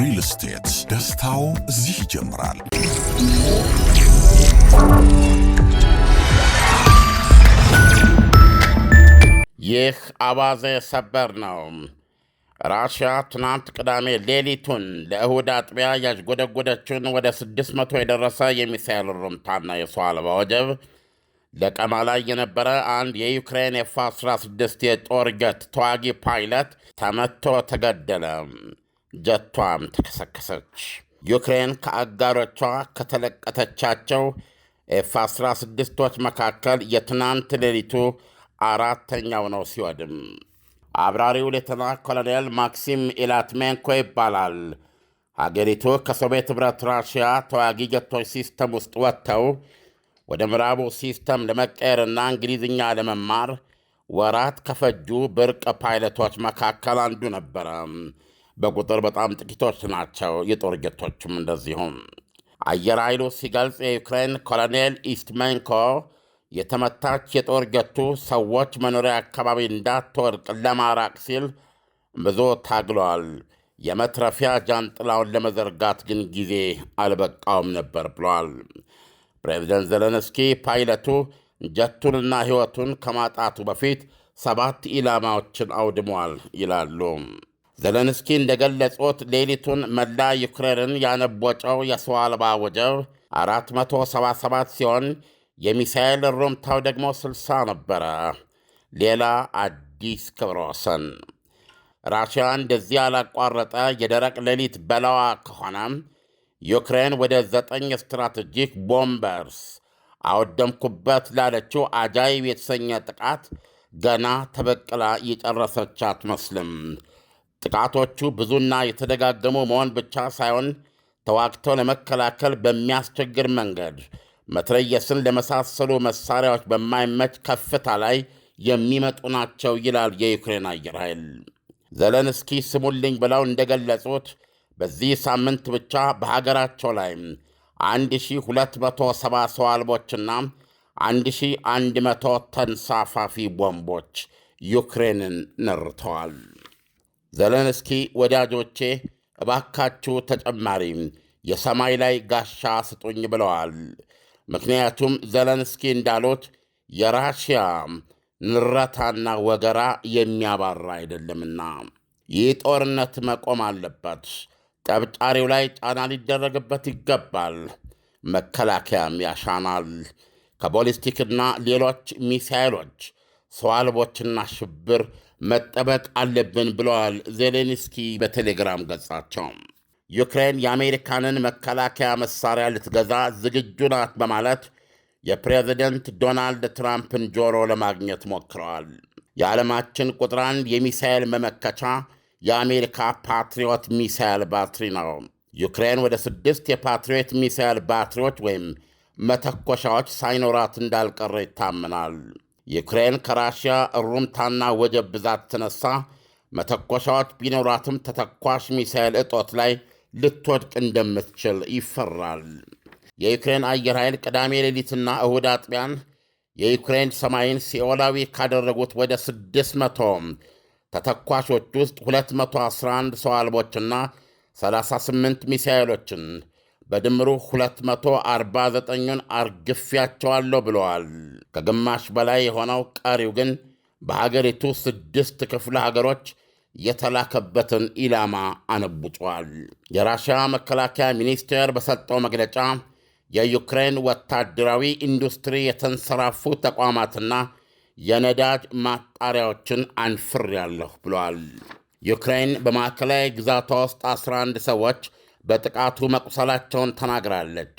ሪል ስቴት ደስታው እዚህ ይጀምራል። ይህ አባዘ ሰበር ነው። ራሽያ ትናንት ቅዳሜ ሌሊቱን ለእሁድ አጥቢያ ያዥጎደጎደችውን ወደ 600 የደረሰ የሚሳኤል ሩምታና የሰው አልባ ወጀብ ለቀማ ላይ የነበረ አንድ የዩክሬን ኤፍ 16 የጦር ጀት ተዋጊ ፓይለት ተመቶ ተገደለ። ጀቷም ተከሰከሰች። ዩክሬን ከአጋሮቿ ከተለቀተቻቸው ኤፍ 16ቶች መካከል የትናንት ሌሊቱ አራተኛው ነው ሲወድም አብራሪው ሌተና ኮሎኔል ማክሲም ኢላትሜንኮ ይባላል። አገሪቱ ከሶቪየት ኅብረት ራሽያ ተዋጊ ጀቶች ሲስተም ውስጥ ወጥተው ወደ ምዕራቡ ሲስተም ለመቀየርና እንግሊዝኛ ለመማር ወራት ከፈጁ ብርቅ ፓይለቶች መካከል አንዱ ነበረ። በቁጥር በጣም ጥቂቶች ናቸው። የጦር ጀቶችም እንደዚሁም። አየር ኃይሉ ሲገልጽ የዩክሬን ኮሎኔል ኢስትሜንኮ የተመታች የጦር ጀቱ ሰዎች መኖሪያ አካባቢ እንዳትወድቅ ለማራቅ ሲል ብዙ ታግሏል። የመትረፊያ ጃንጥላውን ለመዘርጋት ግን ጊዜ አልበቃውም ነበር ብሏል። ፕሬዚደንት ዘለንስኪ ፓይለቱ ጀቱንና ሕይወቱን ከማጣቱ በፊት ሰባት ኢላማዎችን አውድሟል ይላሉ። ዘለንስኪ እንደገለጹት ሌሊቱን መላ ዩክሬንን ያነቦጨው የሰው አልባ ወጀብ 477 ሲሆን የሚሳኤል ሩምታው ደግሞ 60 ነበረ። ሌላ አዲስ ክብረ ወሰን ራሽያ እንደዚህ ያላቋረጠ የደረቅ ሌሊት በላዋ ከሆነ ዩክሬን ወደ ዘጠኝ ስትራቴጂክ ቦምበርስ አወደምኩበት ላለችው አጃይብ የተሰኘ ጥቃት ገና ተበቅላ የጨረሰች አትመስልም። ጥቃቶቹ ብዙና የተደጋገሙ መሆን ብቻ ሳይሆን ተዋግተው ለመከላከል በሚያስቸግር መንገድ መትረየስን ለመሳሰሉ መሳሪያዎች በማይመች ከፍታ ላይ የሚመጡ ናቸው ይላል የዩክሬን አየር ኃይል። ዘለንስኪ ስሙልኝ ብለው እንደገለጹት በዚህ ሳምንት ብቻ በሀገራቸው ላይ 1270 ሰው አልቦችና 1100 ተንሳፋፊ ቦምቦች ዩክሬንን ነርተዋል። ዘለንስኪ ወዳጆቼ እባካችሁ ተጨማሪ የሰማይ ላይ ጋሻ ስጡኝ ብለዋል። ምክንያቱም ዘለንስኪ እንዳሉት የራሽያ ንረታና ወገራ የሚያባራ አይደለምና ይህ ጦርነት መቆም አለበት። ጠብጫሪው ላይ ጫና ሊደረግበት ይገባል። መከላከያም ያሻናል። ከቦሊስቲክና ሌሎች ሚሳይሎች ሰው አልቦችና ሽብር መጠበቅ አለብን ብለዋል ዜሌንስኪ በቴሌግራም ገጻቸው። ዩክሬን የአሜሪካንን መከላከያ መሳሪያ ልትገዛ ዝግጁ ናት በማለት የፕሬዝደንት ዶናልድ ትራምፕን ጆሮ ለማግኘት ሞክረዋል። የዓለማችን ቁጥር አንድ የሚሳኤል መመከቻ የአሜሪካ ፓትሪዮት ሚሳኤል ባትሪ ነው። ዩክሬን ወደ ስድስት የፓትሪዮት ሚሳኤል ባትሪዎች ወይም መተኮሻዎች ሳይኖራት እንዳልቀረ ይታመናል። ዩክሬን ከራሽያ እሩምታና ወጀብ ብዛት ተነሳ መተኮሻዎች ቢኖራትም ተተኳሽ ሚሳኤል እጦት ላይ ልትወድቅ እንደምትችል ይፈራል። የዩክሬን አየር ኃይል ቅዳሜ ሌሊትና እሁድ አጥቢያን የዩክሬን ሰማይን ሲኦላዊ ካደረጉት ወደ 600 ተተኳሾች ውስጥ 211 ሰው አልቦችና 38 ሚሳኤሎችን በድምሩ 249ን አርግፊያቸዋለሁ ብለዋል። ከግማሽ በላይ የሆነው ቀሪው ግን በሀገሪቱ ስድስት ክፍለ ሀገሮች የተላከበትን ኢላማ አነቡጧል። የራሽያ መከላከያ ሚኒስቴር በሰጠው መግለጫ የዩክሬን ወታደራዊ ኢንዱስትሪ የተንሰራፉ ተቋማትና የነዳጅ ማጣሪያዎችን አንፍሬያለሁ ብለዋል። ዩክሬን በማዕከላዊ ግዛቷ ውስጥ 11 ሰዎች በጥቃቱ መቁሰላቸውን ተናግራለች።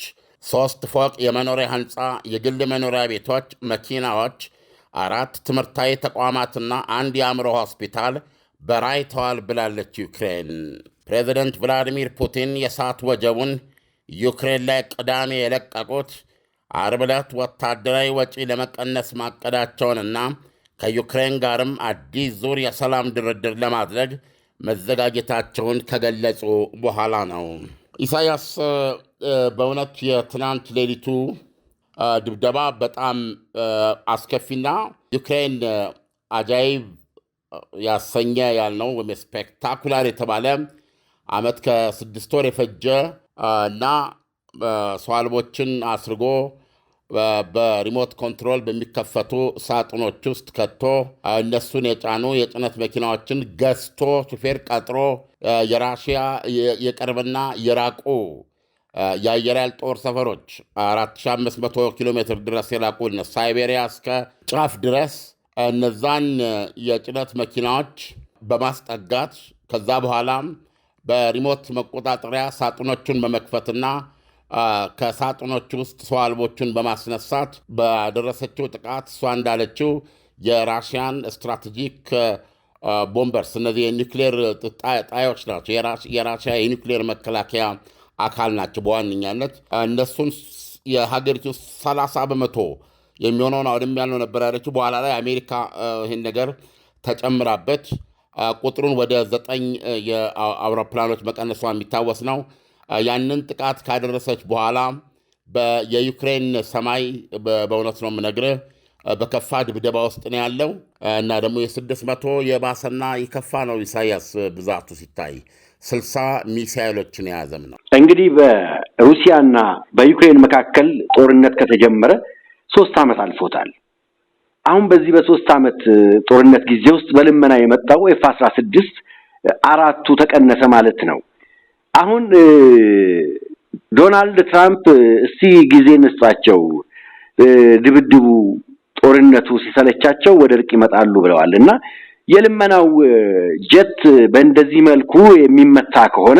ሦስት ፎቅ የመኖሪያ ሕንፃ፣ የግል መኖሪያ ቤቶች፣ መኪናዎች፣ አራት ትምህርታዊ ተቋማትና አንድ የአእምሮ ሆስፒታል በራይተዋል ብላለች ዩክሬን። ፕሬዚደንት ቭላዲሚር ፑቲን የእሳት ወጀቡን ዩክሬን ላይ ቅዳሜ የለቀቁት አርብ ዕለት ወታደራዊ ወጪ ለመቀነስ ማቀዳቸውንና ከዩክሬን ጋርም አዲስ ዙር የሰላም ድርድር ለማድረግ መዘጋጀታቸውን ከገለጹ በኋላ ነው። ኢሳያስ በእውነት የትናንት ሌሊቱ ድብደባ በጣም አስከፊና ዩክሬን አጃይብ ያሰኘ ያልነው ወይም ስፔክታኩላር የተባለ አመት ከስድስት ወር የፈጀ እና ሰው አልቦችን አስርጎ በሪሞት ኮንትሮል በሚከፈቱ ሳጥኖች ውስጥ ከቶ እነሱን የጫኑ የጭነት መኪናዎችን ገዝቶ ሹፌር ቀጥሮ የራሽያ የቅርብና የራቁ የአየር ኃይል ጦር ሰፈሮች 4500 ኪሎ ሜትር ድረስ የላቁ ሳይቤሪያ እስከ ጫፍ ድረስ እነዛን የጭነት መኪናዎች በማስጠጋት ከዛ በኋላም በሪሞት መቆጣጠሪያ ሳጥኖቹን በመክፈትና ከሳጥኖች ውስጥ ሰው አልቦቹን በማስነሳት በደረሰችው ጥቃት እሷ እንዳለችው የራሽያን ስትራቴጂክ ቦምበርስ እነዚህ የኒክሌር ጣዮች ናቸው። የራሽያ የኒክሌር መከላከያ አካል ናቸው በዋነኛነት እነሱን የሀገሪቱ 30 በመቶ የሚሆነውን አውድም ያለው ነበር ያለችው። በኋላ ላይ አሜሪካ ይህን ነገር ተጨምራበት ቁጥሩን ወደ ዘጠኝ የአውሮፕላኖች መቀነሷ የሚታወስ ነው። ያንን ጥቃት ካደረሰች በኋላ የዩክሬን ሰማይ በእውነት ነው የምነግርህ በከፋ ድብደባ ውስጥ ነው ያለው እና ደግሞ የስድስት መቶ የባሰና የከፋ ነው። ኢሳያስ ብዛቱ ሲታይ ስልሳ ሚሳይሎችን የያዘም ነው። እንግዲህ በሩሲያና በዩክሬን መካከል ጦርነት ከተጀመረ ሶስት ዓመት አልፎታል። አሁን በዚህ በሶስት ዓመት ጦርነት ጊዜ ውስጥ በልመና የመጣው ኤፍ አስራ ስድስት አራቱ ተቀነሰ ማለት ነው። አሁን ዶናልድ ትራምፕ እስቲ ጊዜ እንስጣቸው፣ ድብድቡ፣ ጦርነቱ ሲሰለቻቸው ወደ እርቅ ይመጣሉ ብለዋል እና የልመናው ጀት በእንደዚህ መልኩ የሚመታ ከሆነ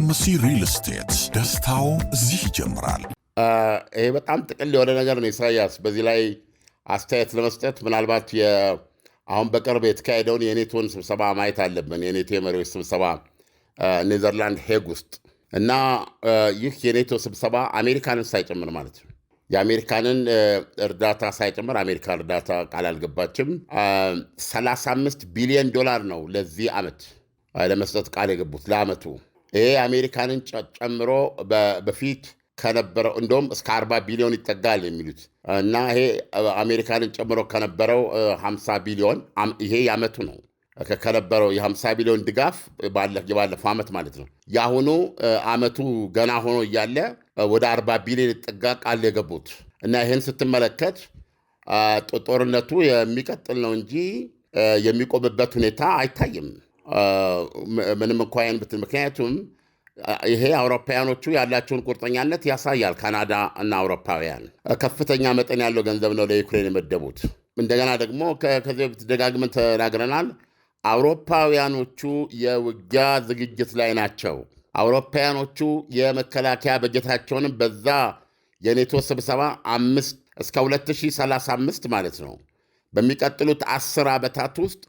ኤምሲ ሪል ስቴት ደስታው እዚህ ይጀምራል። ይሄ በጣም ጥቅል የሆነ ነገር ነው። ኢሳያስ፣ በዚህ ላይ አስተያየት ለመስጠት ምናልባት አሁን በቅርብ የተካሄደውን የኔቶን ስብሰባ ማየት አለብን። የኔቶ የመሪዎች ስብሰባ ኔዘርላንድ ሄግ ውስጥ እና ይህ የኔቶ ስብሰባ አሜሪካንን ሳይጨምር ማለት ነው የአሜሪካንን እርዳታ ሳይጨምር አሜሪካ እርዳታ ቃል አልገባችም። 35 ቢሊዮን ዶላር ነው ለዚህ ዓመት ለመስጠት ቃል የገቡት ለዓመቱ ይሄ አሜሪካንን ጨምሮ በፊት ከነበረው እንደውም እስከ 40 ቢሊዮን ይጠጋል የሚሉት እና ይሄ አሜሪካንን ጨምሮ ከነበረው 50 ቢሊዮን ይሄ የአመቱ ነው ከነበረው የ50 ቢሊዮን ድጋፍ የባለፈው ዓመት ማለት ነው። የአሁኑ አመቱ ገና ሆኖ እያለ ወደ 40 ቢሊዮን ይጠጋ ቃል የገቡት እና ይህን ስትመለከት ጦርነቱ የሚቀጥል ነው እንጂ የሚቆምበት ሁኔታ አይታይም። ምንም እኳ ብትል ምክንያቱም ይሄ አውሮፓውያኖቹ ያላቸውን ቁርጠኛነት ያሳያል። ካናዳ እና አውሮፓውያን ከፍተኛ መጠን ያለው ገንዘብ ነው ለዩክሬን የመደቡት። እንደገና ደግሞ ከዚህ በፊት ደጋግመን ተናግረናል። አውሮፓውያኖቹ የውጊያ ዝግጅት ላይ ናቸው። አውሮፓውያኖቹ የመከላከያ በጀታቸውንም በዛ የኔቶ ስብሰባ አምስት እስከ 2035 ማለት ነው በሚቀጥሉት አስር ዓመታት ውስጥ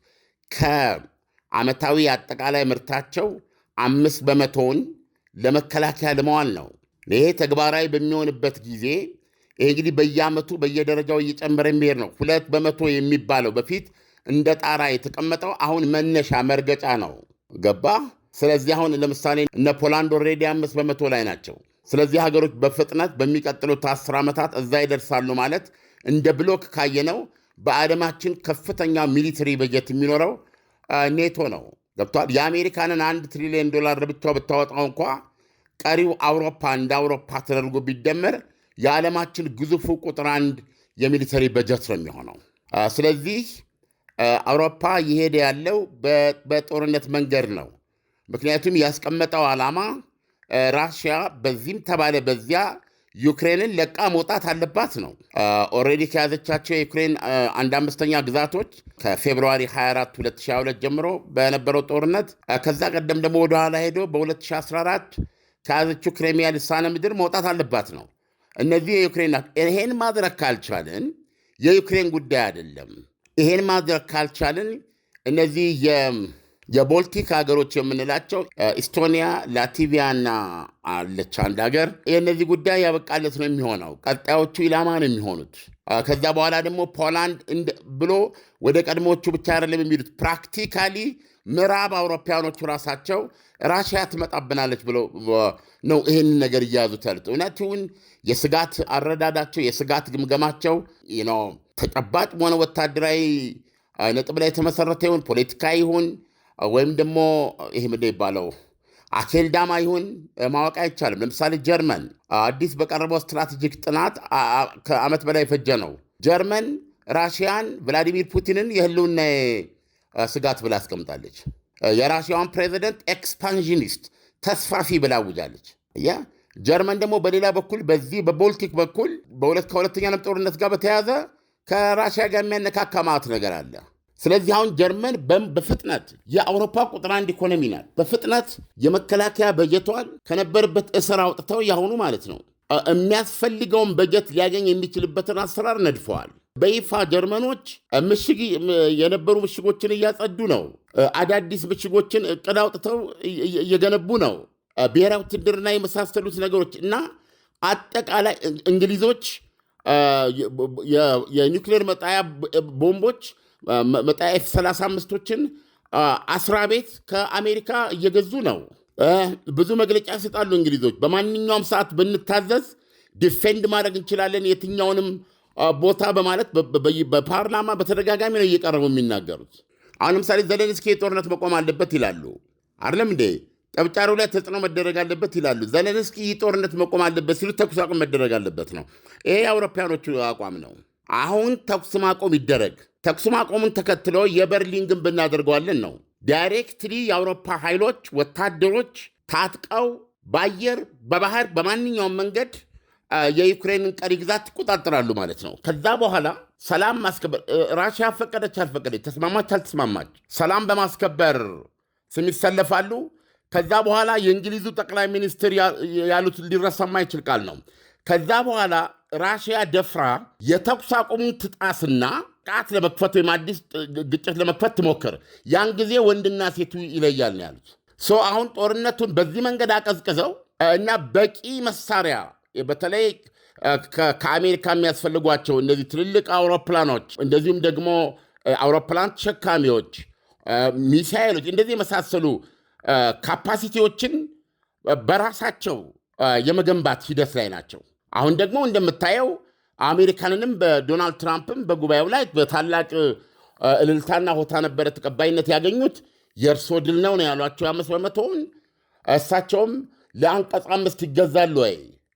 ዓመታዊ አጠቃላይ ምርታቸው አምስት በመቶውን ለመከላከያ ለመዋል ነው። ይሄ ተግባራዊ በሚሆንበት ጊዜ ይህ እንግዲህ በየዓመቱ በየደረጃው እየጨመረ የሚሄድ ነው። ሁለት በመቶ የሚባለው በፊት እንደ ጣራ የተቀመጠው አሁን መነሻ መርገጫ ነው። ገባ? ስለዚህ አሁን ለምሳሌ እነ ፖላንድ ኦልሬዲ አምስት በመቶ ላይ ናቸው። ስለዚህ ሀገሮች በፍጥነት በሚቀጥሉት አስር ዓመታት እዛ ይደርሳሉ ማለት እንደ ብሎክ ካየነው በዓለማችን ከፍተኛ ሚሊተሪ በጀት የሚኖረው ኔቶ ነው። ገብቷል። የአሜሪካንን አንድ ትሪሊዮን ዶላር ብቻ ብታወጣው እንኳ ቀሪው አውሮፓ እንደ አውሮፓ ተደርጎ ቢደመር የዓለማችን ግዙፉ ቁጥር አንድ የሚሊተሪ በጀት ነው የሚሆነው። ስለዚህ አውሮፓ እየሄደ ያለው በጦርነት መንገድ ነው። ምክንያቱም ያስቀመጠው ዓላማ ራሽያ በዚህም ተባለ በዚያ ዩክሬንን ለቃ መውጣት አለባት ነው። ኦልሬዲ ከያዘቻቸው የዩክሬን አንድ አምስተኛ ግዛቶች ከፌብርዋሪ 24 2022 ጀምሮ በነበረው ጦርነት ከዛ ቀደም ደግሞ ወደኋላ ሄዶ በ2014 ከያዘችው ክሬሚያ ልሳነ ምድር መውጣት አለባት ነው። እነዚህ የዩክሬን ይሄን ማድረግ ካልቻልን የዩክሬን ጉዳይ አይደለም። ይሄን ማድረግ ካልቻልን እነዚህ የቦልቲክ ሀገሮች የምንላቸው ኢስቶኒያ፣ ላቲቪያ እና አለች አንድ ሀገር የእነዚህ ጉዳይ ያበቃለት ነው የሚሆነው። ቀጣዮቹ ኢላማ ነው የሚሆኑት። ከዛ በኋላ ደግሞ ፖላንድ ብሎ ወደ ቀድሞቹ ብቻ አይደለም የሚሉት ፕራክቲካሊ ምዕራብ አውሮፓያኖቹ ራሳቸው ራሽያ ትመጣብናለች ብሎ ነው ይህን ነገር እያያዙት ያሉት። እውነቱን የስጋት አረዳዳቸው የስጋት ግምገማቸው ተጨባጭ በሆነ ወታደራዊ ነጥብ ላይ የተመሰረተ ይሁን ፖለቲካ ይሁን ወይም ደግሞ ይሄ ምንድን ይባለው አኬልዳማ ይሁን ማወቅ አይቻልም። ለምሳሌ ጀርመን አዲስ በቀረበው ስትራቴጂክ ጥናት ከዓመት በላይ የፈጀ ነው። ጀርመን ራሽያን ቭላዲሚር ፑቲንን የህልውና ስጋት ብላ አስቀምጣለች። የራሽያውን ፕሬዚደንት ኤክስፓንዥኒስት ተስፋፊ ብላ አውጃለች። ያ ጀርመን ደግሞ በሌላ በኩል በዚህ በቦልቲክ በኩል ከሁለተኛ ዓለም ጦርነት ጋር በተያያዘ ከራሽያ ጋር የሚያነካካ ማት ነገር አለ። ስለዚህ አሁን ጀርመን በፍጥነት የአውሮፓ ቁጥር አንድ ኢኮኖሚ ናት። በፍጥነት የመከላከያ በጀቷን ከነበረበት እስር አውጥተው ያሁኑ ማለት ነው የሚያስፈልገውን በጀት ሊያገኝ የሚችልበትን አሰራር ነድፈዋል። በይፋ ጀርመኖች ምሽግ የነበሩ ምሽጎችን እያጸዱ ነው። አዳዲስ ምሽጎችን እቅድ አውጥተው እየገነቡ ነው። ብሔራዊ ውትድርና የመሳሰሉት ነገሮች እና አጠቃላይ እንግሊዞች የኒውክሌር መጣያ ቦምቦች መጣኤፍ 35ቶችን አስራ ቤት ከአሜሪካ እየገዙ ነው። ብዙ መግለጫ ይሰጣሉ እንግሊዞች። በማንኛውም ሰዓት ብንታዘዝ ዲፌንድ ማድረግ እንችላለን የትኛውንም ቦታ በማለት በፓርላማ በተደጋጋሚ ነው እየቀረቡ የሚናገሩት። አሁን ለምሳሌ ዘለንስኪ የጦርነት መቆም አለበት ይላሉ። አይደለም እንዴ ጠብጫሩ ላይ ተጽዕኖ መደረግ አለበት ይላሉ። ዘለንስኪ ይህ ጦርነት መቆም አለበት ሲሉ ተኩስ አቁም መደረግ አለበት ነው። ይሄ የአውሮፓያኖቹ አቋም ነው። አሁን ተኩስ ማቆም ይደረግ ተኩስ ማቆሙን ተከትሎ የበርሊን ግንብ እናደርገዋለን ነው። ዳይሬክትሊ የአውሮፓ ኃይሎች ወታደሮች ታጥቀው በአየር በባህር፣ በማንኛውም መንገድ የዩክሬንን ቀሪ ግዛት ትቆጣጠራሉ ማለት ነው። ከዛ በኋላ ሰላም ማስከበር ራሽያ ፈቀደች አልፈቀደች፣ ተስማማች አልተስማማች፣ ሰላም በማስከበር ስም ይሰለፋሉ። ከዛ በኋላ የእንግሊዙ ጠቅላይ ሚኒስትር ያሉት ሊረሳ የማይችል ቃል ነው። ከዛ በኋላ ራሽያ ደፍራ የተኩስ አቁሙን ትጣስና ቃት ለመክፈት ወይም አዲስ ግጭት ለመክፈት ትሞክር፣ ያን ጊዜ ወንድና ሴቱ ይለያል ነው ያሉት። ሰው አሁን ጦርነቱን በዚህ መንገድ አቀዝቅዘው እና በቂ መሳሪያ በተለይ ከአሜሪካ የሚያስፈልጓቸው እነዚህ ትልልቅ አውሮፕላኖች እንደዚሁም ደግሞ አውሮፕላን ተሸካሚዎች፣ ሚሳይሎች እንደዚህ የመሳሰሉ ካፓሲቲዎችን በራሳቸው የመገንባት ሂደት ላይ ናቸው። አሁን ደግሞ እንደምታየው አሜሪካንንም በዶናልድ ትራምፕም በጉባኤው ላይ በታላቅ እልልታና ሆታ ነበረ ተቀባይነት ያገኙት። የእርሶ ድል ነው ነው ያሏቸው የአምስት በመቶውን እሳቸውም ለአንቀጽ አምስት ይገዛሉ ወይ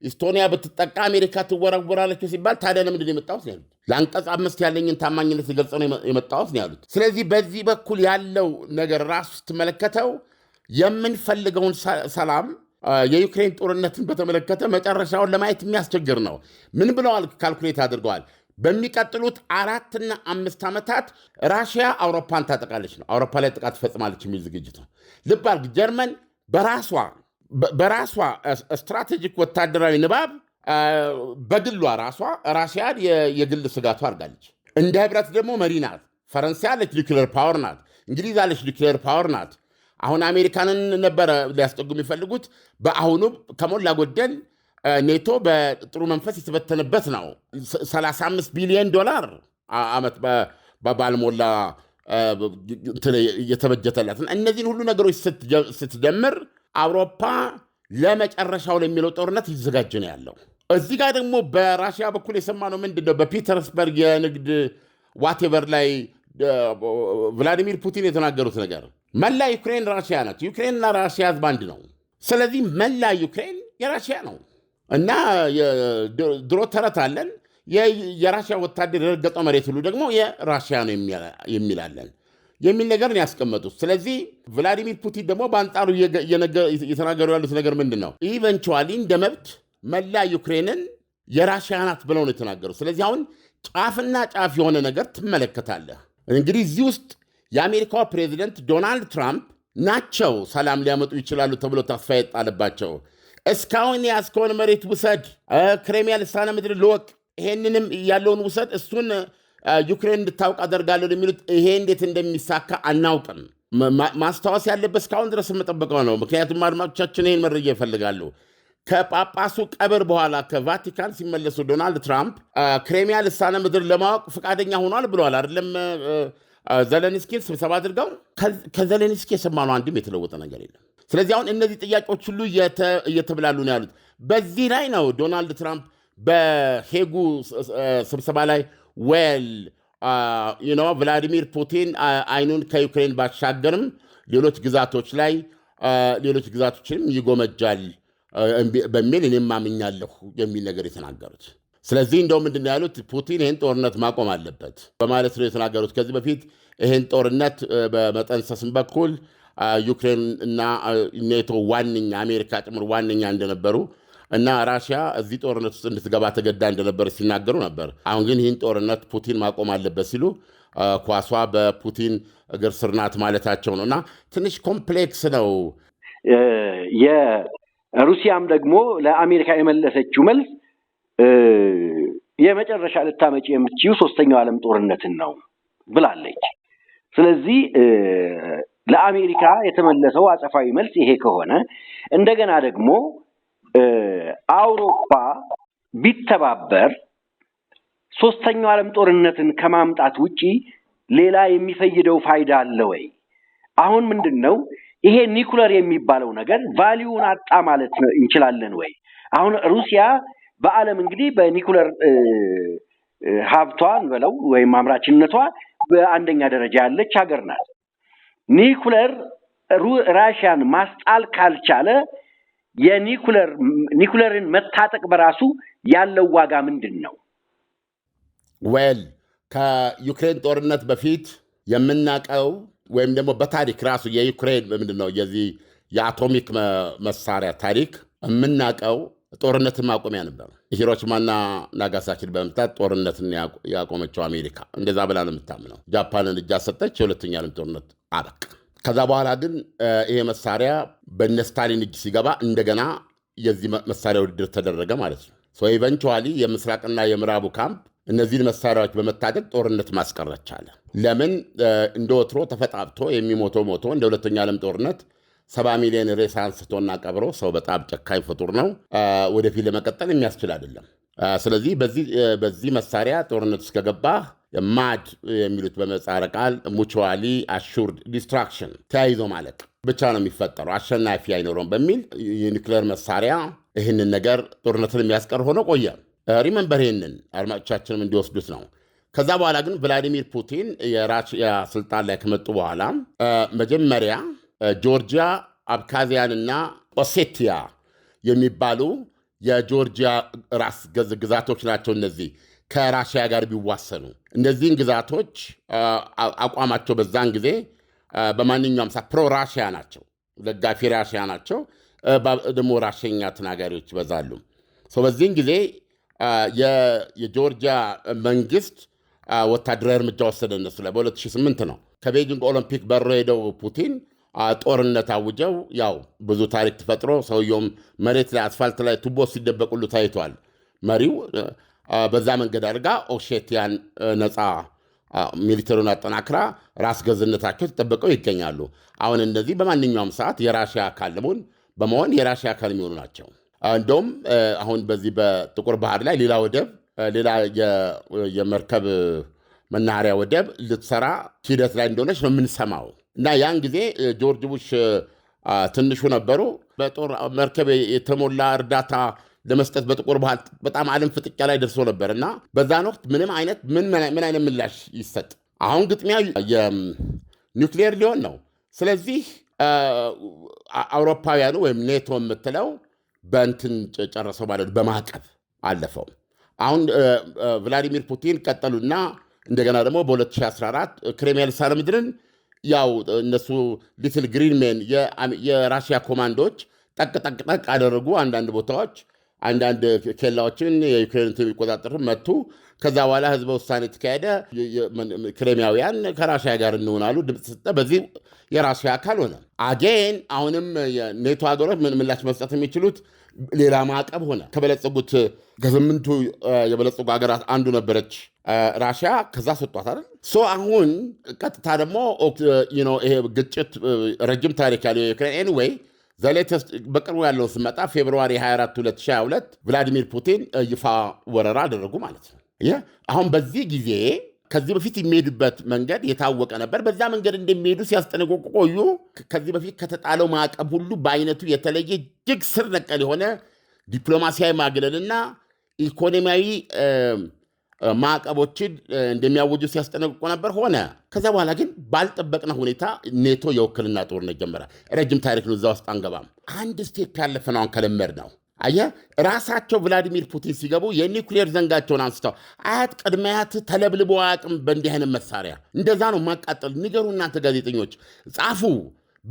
ኢስቶኒያ ብትጠቃ አሜሪካ ትወረወራለች ሲባል ታዲያ ለምንድን የመጣሁት ነው ያሉት። ለአንቀጽ አምስት ያለኝን ታማኝነት ሲገልጽ ነው የመጣሁት ነው ያሉት። ስለዚህ በዚህ በኩል ያለው ነገር ራሱ ስትመለከተው የምንፈልገውን ሰላም የዩክሬን ጦርነትን በተመለከተ መጨረሻውን ለማየት የሚያስቸግር ነው። ምን ብለዋል? ካልኩሌት አድርገዋል። በሚቀጥሉት አራትና አምስት ዓመታት ራሽያ አውሮፓን ታጠቃለች ነው፣ አውሮፓ ላይ ጥቃት ትፈጽማለች የሚል ዝግጅት ነው። ልብ አድርግ፣ ጀርመን በራሷ በራሷ ስትራቴጂክ ወታደራዊ ንባብ በግሏ ራሷ ራሽያን የግል ስጋቷ አድርጋለች። እንደ ህብረት ደግሞ መሪ ናት። ፈረንሳይ አለች ኒክሌር ፓወር ናት። እንግሊዝ አለች ኒክሌር ፓወር ናት። አሁን አሜሪካንን ነበረ ሊያስጠጉ የሚፈልጉት። በአሁኑ ከሞላ ጎደል ኔቶ በጥሩ መንፈስ የተበተነበት ነው። 35 ቢሊዮን ዶላር ዓመት ባልሞላ እየተበጀተላት እነዚህን ሁሉ ነገሮች ስትደምር አውሮፓ ለመጨረሻው ለሚለው ጦርነት ይዘጋጅ ነው ያለው። እዚህ ጋር ደግሞ በራሽያ በኩል የሰማነው ምንድን ነው? በፒተርስበርግ የንግድ ዋቴቨር ላይ ቭላዲሚር ፑቲን የተናገሩት ነገር መላ ዩክሬን ራሽያ ናት። ዩክሬንና ራሽያ ህዝብ አንድ ነው። ስለዚህ መላ ዩክሬን የራሽያ ነው እና ድሮ ተረት አለን የራሽያ ወታደር የረገጠው መሬት ሁሉ ደግሞ የራሽያ ነው የሚላለን የሚል ነገር ነው ያስቀመጡት። ስለዚህ ቭላዲሚር ፑቲን ደግሞ በአንጻሩ እየተናገሩ ያሉት ነገር ምንድን ነው? ኢቨንቹዋሊ እንደ መብት መላ ዩክሬንን የራሽያ ናት ብለው ነው የተናገሩት። ስለዚህ አሁን ጫፍና ጫፍ የሆነ ነገር ትመለከታለህ እንግዲህ እዚህ ውስጥ የአሜሪካው ፕሬዚደንት ዶናልድ ትራምፕ ናቸው ሰላም ሊያመጡ ይችላሉ ተብሎ ተስፋ የጣለባቸው። እስካሁን ያስከሆነ መሬት ውሰድ፣ ክሬሚያ ልሳነ ምድር ልወቅ፣ ይሄንንም ያለውን ውሰድ፣ እሱን ዩክሬን እንድታውቅ አደርጋለሁ የሚሉት ይሄ እንዴት እንደሚሳካ አናውቅም። ማስታወስ ያለበት እስካሁን ድረስ የምጠብቀው ነው። ምክንያቱም አድማጮቻችን ይህን መረጃ ይፈልጋሉ። ከጳጳሱ ቀብር በኋላ ከቫቲካን ሲመለሱ ዶናልድ ትራምፕ ክሬሚያ ልሳነ ምድር ለማወቅ ፈቃደኛ ሆኗል ብለዋል። አይደለም ዘለንስኪ ስብሰባ አድርገው ከዘለንስኪ የሰማነው አንድም የተለወጠ ነገር የለም። ስለዚህ አሁን እነዚህ ጥያቄዎች ሁሉ እየተብላሉ ነው ያሉት። በዚህ ላይ ነው ዶናልድ ትራምፕ በሄጉ ስብሰባ ላይ ዌል ቭላዲሚር ፑቲን አይኑን ከዩክሬን ባሻገርም ሌሎች ግዛቶች ላይ uh, ሌሎች ግዛቶችንም ይጎመጃል uh, በሚል እኔም ማምኛለሁ የሚል ነገር የተናገሩት ስለዚህ እንደው ምንድን ያሉት ፑቲን ይህን ጦርነት ማቆም አለበት በማለት ነው የተናገሩት። ከዚህ በፊት ይህን ጦርነት በመጠንሰስም በኩል ዩክሬን እና ኔቶ ዋነኛ አሜሪካ ጭምር ዋነኛ እንደነበሩ እና ራሽያ እዚህ ጦርነት ውስጥ እንድትገባ ተገዳ እንደነበር ሲናገሩ ነበር። አሁን ግን ይህን ጦርነት ፑቲን ማቆም አለበት ሲሉ ኳሷ በፑቲን እግር ስር ናት ማለታቸው ነው እና ትንሽ ኮምፕሌክስ ነው። የሩሲያም ደግሞ ለአሜሪካ የመለሰችው መልስ የመጨረሻ ልታመጪ የምትችዩ ሶስተኛው ዓለም ጦርነትን ነው ብላለች። ስለዚህ ለአሜሪካ የተመለሰው አጸፋዊ መልስ ይሄ ከሆነ እንደገና ደግሞ አውሮፓ ቢተባበር ሶስተኛው ዓለም ጦርነትን ከማምጣት ውጪ ሌላ የሚፈይደው ፋይዳ አለ ወይ? አሁን ምንድን ነው ይሄ ኒኩለር የሚባለው ነገር ቫሊዩን አጣ ማለት እንችላለን ወይ? አሁን ሩሲያ በዓለም እንግዲህ በኒኩለር ሀብቷን በለው ወይም አምራችነቷ በአንደኛ ደረጃ ያለች ሀገር ናት። ኒኩለር ራሽያን ማስጣል ካልቻለ የኒኩለር ኒኩለርን መታጠቅ በራሱ ያለው ዋጋ ምንድን ነው? ዌል ከዩክሬን ጦርነት በፊት የምናውቀው ወይም ደግሞ በታሪክ ራሱ የዩክሬን ምንድን ነው የዚህ የአቶሚክ መሳሪያ ታሪክ የምናውቀው ጦርነት ማቆሚያ ነበር። ሂሮሽማና ናጋሳኪን በመምታት ጦርነትን ያቆመችው አሜሪካ እንደዛ ብላ ነው የምታምነው። ጃፓንን እጅ ሰጠች። የሁለተኛ ዓለም ጦርነት አበቃ። ከዛ በኋላ ግን ይሄ መሳሪያ በነ ስታሊን እጅ ሲገባ እንደገና የዚህ መሳሪያ ውድድር ተደረገ ማለት ነው። ኢቨንቹዋሊ የምስራቅና የምዕራቡ ካምፕ እነዚህን መሳሪያዎች በመታገል ጦርነት ማስቀረት ቻለ። ለምን እንደ ወትሮ ተፈጣብቶ የሚሞተው ሞቶ እንደ ሁለተኛ ዓለም ጦርነት ሰባ ሚሊዮን ሬሳ አንስቶና ቀብሮ ሰው በጣም ጨካኝ ፍጡር ነው። ወደፊት ለመቀጠል የሚያስችል አይደለም። ስለዚህ በዚህ መሳሪያ ጦርነት እስከገባ ማድ የሚሉት በመጻረ ቃል ሙቹዋሊ አሹርድ ዲስትራክሽን ተያይዞ ማለቅ ብቻ ነው የሚፈጠረው፣ አሸናፊ አይኖረውም በሚል የኒክሌር መሳሪያ ይህንን ነገር ጦርነትን የሚያስቀር ሆኖ ቆየ። ሪመንበር ይህንን አድማጮቻችንም እንዲወስዱት ነው። ከዛ በኋላ ግን ቭላዲሚር ፑቲን የራሽያ ስልጣን ላይ ከመጡ በኋላ መጀመሪያ ጆርጂያ፣ አብካዚያንና ኦሴቲያ የሚባሉ የጆርጂያ ራስ ግዛቶች ናቸው። እነዚህ ከራሽያ ጋር ቢዋሰኑ እነዚህን ግዛቶች አቋማቸው በዛን ጊዜ በማንኛውም ሳ ፕሮ ራሽያ ናቸው፣ ደጋፊ ራሽያ ናቸው። ደግሞ ራሽኛ ተናጋሪዎች ይበዛሉ። በዚህን ጊዜ የጆርጂያ መንግስት ወታደራዊ እርምጃ ወሰደ እነሱ ላይ በ2008 ነው። ከቤጂንግ ኦሎምፒክ በሮ ሄደው ፑቲን ጦርነት አውጀው ያው ብዙ ታሪክ ተፈጥሮ ሰውየውም መሬት ላይ አስፋልት ላይ ቱቦ ሲደበቁሉ ታይቷል። መሪው በዛ መንገድ አድርጋ ኦሼቲያን ነፃ ሚሊተሩን አጠናክራ ራስ ገዝነታቸው ተጠብቀው ይገኛሉ። አሁን እነዚህ በማንኛውም ሰዓት የራሽያ አካል ለመሆን በመሆን የራሽያ አካል የሚሆኑ ናቸው። እንደውም አሁን በዚህ በጥቁር ባህር ላይ ሌላ ወደብ ሌላ የመርከብ መናኸሪያ ወደብ ልትሰራ ሂደት ላይ እንደሆነች ነው የምንሰማው። እና ያን ጊዜ ጆርጅ ቡሽ ትንሹ ነበሩ። በጦር መርከብ የተሞላ እርዳታ ለመስጠት በጥቁር ባህር በጣም ዓለም ፍጥጫ ላይ ደርሶ ነበር እና በዛን ወቅት ምንም አይነት ምን አይነት ምላሽ ይሰጥ? አሁን ግጥሚያ የኒውክሌር ሊሆን ነው። ስለዚህ አውሮፓውያኑ ወይም ኔቶ የምትለው በእንትን ጨረሰው ማለት በማዕቀብ አለፈው። አሁን ቭላዲሚር ፑቲን ቀጠሉና እንደገና ደግሞ በ2014 ክሬሚያ ልሳነ ምድርን ያው እነሱ ሊትል ግሪንሜን የራሽያ ኮማንዶዎች ጠቅጠቅጠቅ አደረጉ። አንዳንድ ቦታዎች አንዳንድ ኬላዎችን የዩክሬን የሚቆጣጠር መቱ። ከዛ በኋላ ህዝበ ውሳኔ ተካሄደ። ክሬሚያውያን ከራሽያ ጋር እንሆናሉ ድምፅ ሰጠ። በዚህ የራሽያ አካል ሆነ። አጌን አሁንም የኔቶ ሀገሮች ምላሽ መስጠት የሚችሉት ሌላ ማዕቀብ ሆነ። ከበለጸጉት ከስምንቱ የበለጸጉ ሀገራት አንዱ ነበረች ራሽያ። ከዛ ሰጧት አይደል ሶ አሁን ቀጥታ ደግሞ ይሄ ግጭት ረጅም ታሪክ ያለው የዩክሬን ኤኒዌይ ዘሌተስት በቅርቡ ያለው ስመጣ ፌብርዋሪ 24 2022 ቭላዲሚር ፑቲን ይፋ ወረራ አደረጉ ማለት ነው። አሁን በዚህ ጊዜ ከዚህ በፊት የሚሄዱበት መንገድ የታወቀ ነበር። በዛ መንገድ እንደሚሄዱ ሲያስጠነቅቁ ቆዩ። ከዚህ በፊት ከተጣለው ማዕቀብ ሁሉ በአይነቱ የተለየ እጅግ ስር ነቀል የሆነ ዲፕሎማሲያዊ ማግለልና ኢኮኖሚያዊ ማዕቀቦችን እንደሚያውጁ ሲያስጠነቅቁ ነበር። ሆነ። ከዛ በኋላ ግን ባልጠበቅነ ሁኔታ ኔቶ የውክልና ጦርነት ጀመረ። ረጅም ታሪክ ነው። እዛ ውስጥ አንገባም። አንድ ስቴፕ ያለፈ ነው፣ ከለመድ ነው። አየህ ራሳቸው ቭላዲሚር ፑቲን ሲገቡ የኒውክሌር ዘንጋቸውን አንስተው አያት ቅድመያት ተለብልቦ አያውቅም በእንዲህ አይነት መሳሪያ። እንደዛ ነው ማቃጠል። ንገሩ እናንተ ጋዜጠኞች፣ ጻፉ፣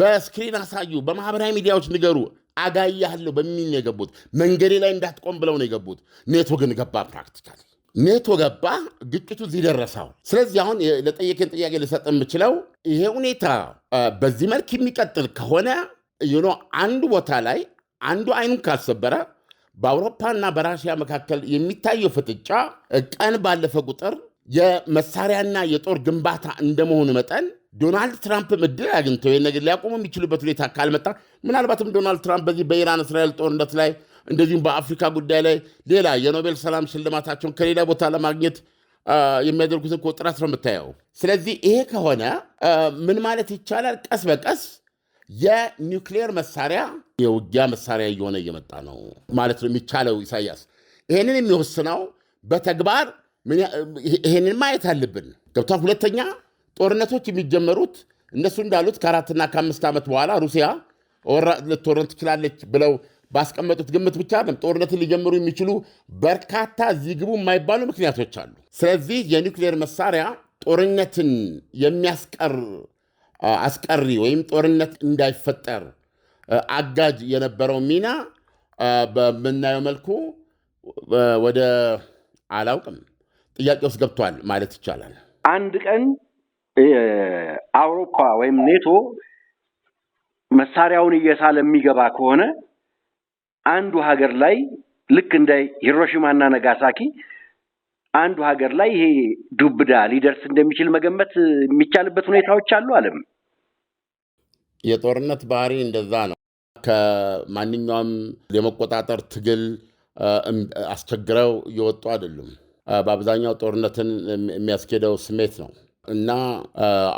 በስክሪን አሳዩ፣ በማህበራዊ ሚዲያዎች ንገሩ። አጋያለሁ በሚል ነው የገቡት። መንገዴ ላይ እንዳትቆም ብለው ነው የገቡት። ኔቶ ግን ገባ ፕራክቲካል ኔቶ ገባ፣ ግጭቱ እዚህ ደረሰው። ስለዚህ አሁን ለጠየቅን ጥያቄ ልሰጥ የምችለው ይሄ ሁኔታ በዚህ መልክ የሚቀጥል ከሆነ ዩኖ አንዱ ቦታ ላይ አንዱ አይኑን ካልሰበረ በአውሮፓና በራሽያ መካከል የሚታየው ፍጥጫ ቀን ባለፈ ቁጥር የመሳሪያና የጦር ግንባታ እንደመሆኑ መጠን ዶናልድ ትራምፕ እድል አግኝተው ይህን ነገር ሊያቆሙ የሚችሉበት ሁኔታ ካልመጣ ምናልባትም ዶናልድ ትራምፕ በዚህ በኢራን እስራኤል ጦርነት ላይ እንደዚሁም በአፍሪካ ጉዳይ ላይ ሌላ የኖቤል ሰላም ሽልማታቸውን ከሌላ ቦታ ለማግኘት የሚያደርጉትን እኮ ጥረት ነው የምታየው። ስለዚህ ይሄ ከሆነ ምን ማለት ይቻላል? ቀስ በቀስ የኒውክሌር መሳሪያ የውጊያ መሳሪያ እየሆነ እየመጣ ነው ማለት ነው የሚቻለው። ኢሳያስ ይህንን የሚወስነው በተግባር ይህንን ማየት አለብን። ገብቷል። ሁለተኛ ጦርነቶች የሚጀመሩት እነሱ እንዳሉት ከአራትና ከአምስት ዓመት በኋላ ሩሲያ ልትወረን ትችላለች ብለው ባስቀመጡት ግምት ብቻ አይደለም ጦርነትን ሊጀምሩ የሚችሉ በርካታ እዚህ ግቡ የማይባሉ ምክንያቶች አሉ። ስለዚህ የኒውክሌር መሳሪያ ጦርነትን የሚያስቀር አስቀሪ ወይም ጦርነት እንዳይፈጠር አጋጅ የነበረው ሚና በምናየው መልኩ ወደ አላውቅም ጥያቄ ውስጥ ገብቷል ማለት ይቻላል። አንድ ቀን አውሮፓ ወይም ኔቶ መሳሪያውን እየሳለ የሚገባ ከሆነ አንዱ ሀገር ላይ ልክ እንደ ሂሮሽማና ነጋሳኪ አንዱ ሀገር ላይ ይሄ ዱብዳ ሊደርስ እንደሚችል መገመት የሚቻልበት ሁኔታዎች አሉ። አለም የጦርነት ባህሪ እንደዛ ነው። ከማንኛውም የመቆጣጠር ትግል አስቸግረው እየወጡ አይደሉም። በአብዛኛው ጦርነትን የሚያስኬደው ስሜት ነው። እና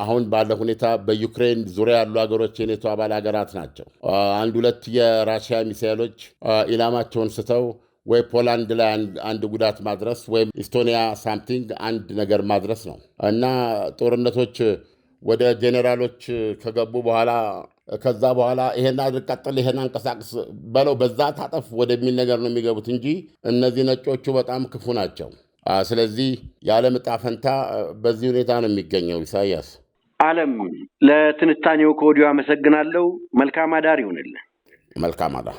አሁን ባለ ሁኔታ በዩክሬን ዙሪያ ያሉ ሀገሮች የኔቶ አባል ሀገራት ናቸው። አንድ ሁለት የራሽያ ሚሳይሎች ኢላማቸውን ስተው ወይ ፖላንድ ላይ አንድ ጉዳት ማድረስ ወይም ኢስቶኒያ ሳምቲንግ አንድ ነገር ማድረስ ነው እና ጦርነቶች ወደ ጄኔራሎች ከገቡ በኋላ ከዛ በኋላ ይሄን አድርግ ቀጥል፣ ይሄን አንቀሳቅስ በለው፣ በዛ ታጠፍ ወደሚል ነገር ነው የሚገቡት እንጂ እነዚህ ነጮቹ በጣም ክፉ ናቸው። ስለዚህ የዓለም ዕጣ ፈንታ በዚህ ሁኔታ ነው የሚገኘው። ኢሳያስ አለም፣ ለትንታኔው ከወዲሁ አመሰግናለሁ። መልካም አዳር ይሆንልን። መልካም አዳር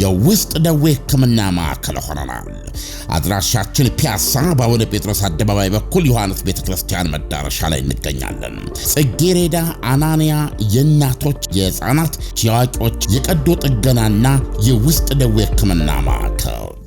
የውስጥ ደዌ ሕክምና ማዕከል ሆነናል። አድራሻችን ፒያሳ በአቡነ ጴጥሮስ አደባባይ በኩል ዮሐንስ ቤተ ክርስቲያን መዳረሻ ላይ እንገኛለን። ጽጌሬዳ፣ አናንያ፣ የእናቶች የሕፃናት፣ የአዋቂዎች የቀዶ ጥገናና የውስጥ ደዌ ሕክምና ማዕከል